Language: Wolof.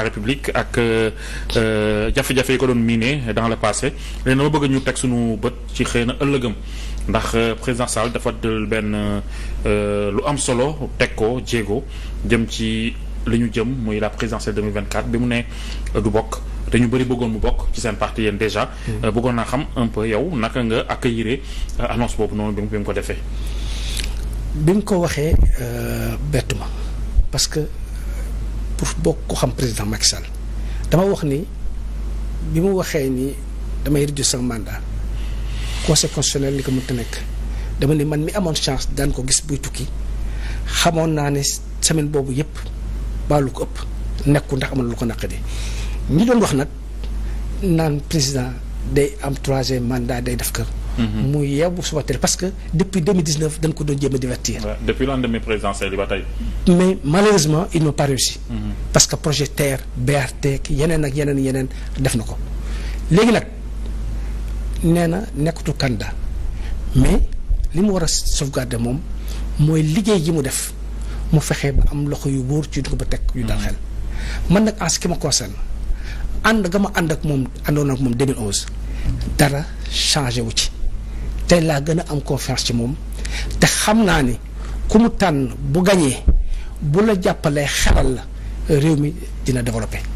la République ak euh, jafe-jafe yi ko doon miine dans le passé léegi dama bëgg ñu teg suñu bët ci xëy na ëllëgam ndax euh, président Sall dafa dël benn euh, lu am solo teg ko jéego jëm ci li ñu jëm muy la présidentielle 2024 bi mu ne du bokk te ñu bëri bëggoon mu bokk ci seen parti yéen déjà. Mm-hmm. bëggoon naa xam un yow naka nga accueillir annonce boobu noonu bi mu ko defee. bi mu ko waxee bett ma parce pour bokk ko xam président Macky Sall dama wax ni bi mu waxee ni damay réduire sama mandat conseil constitutionnel li ko mënta nekk dama ni man mi amoon chance daan ko gis buy tukki xamoon naa ne semaine boobu yëpp baalu ko ëpp nekku ndax amoon lu ko naqadi ñi doon wax nag naan président day am troisième mandat day def kër Mm-hmm. mu yeewu suba teel parce que depuis 2019 dañ ko doon jéem a divertir. depuis lendemain présidentiel ba tey. mais malheureusement ils n'ont pas réussi. Mm-hmm. parce que projet TER BRT yeneen ak yeneen yeneen def na ko léegi nag nee na nekkatul candidat mais li mu war a sauvegarder moom mooy liggéey ji mu def mu fexe ba am loxo yu wóor ci dugub ba teg yu dal xel. Mm-hmm. man nag en ce qui me ànd ga ma ànd ak moom àndoon ak moom 2011 dara changé wu ci. tey laa gën a am confiance ci moom te xam naa ni ku mu tànn bu gañee bu la jàppalee xelal la réew mi dina développé